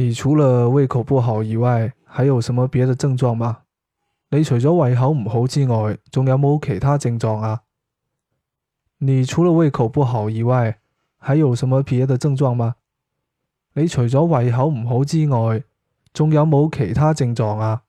你除了胃口不好以外，還有什麼別的症狀嗎？你除咗胃口唔好之外，仲有冇其他症狀啊？你除了胃口不好以外，還有什麼別的症狀嗎？你除咗胃口唔好之外，仲有冇其他症狀啊？